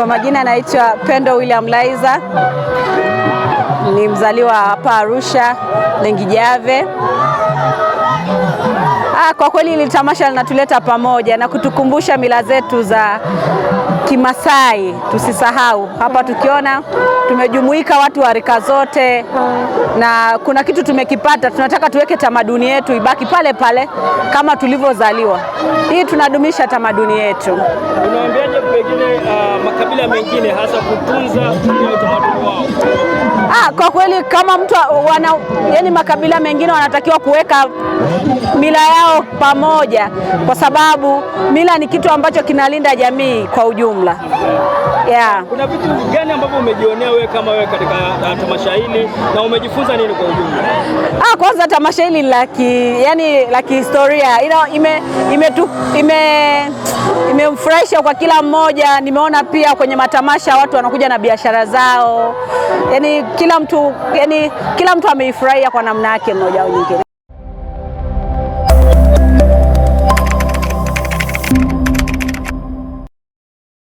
Kwa majina anaitwa Pendo William Laiza, ni mzaliwa hapa Arusha Lengijave kwa kweli ili tamasha linatuleta pamoja na kutukumbusha mila zetu za Kimasai. Tusisahau hapa, tukiona tumejumuika watu wa rika zote, na kuna kitu tumekipata. Tunataka tuweke tamaduni yetu ibaki pale pale kama tulivyozaliwa, hii tunadumisha tamaduni yetu. Unaambiaje pengine uh, makabila mengine hasa kutunza utamaduni kwa kweli kama mtu wana, yani makabila mengine wanatakiwa kuweka mila yao pamoja, kwa sababu mila ni kitu ambacho kinalinda jamii kwa ujumla. Yeah. Kuna vitu gani ambavyo umejionea wewe kama wewe katika uh, tamasha hili na umejifunza nini kwa ujumla? Ah, kwanza tamasha hili la ki, yani la kihistoria ina ime, ime, tu, ime imemfurahisha kwa kila mmoja. Nimeona pia kwenye matamasha watu wanakuja na biashara zao, yani kila mtu, yani kila mtu ameifurahia kwa namna yake mmoja au nyingine.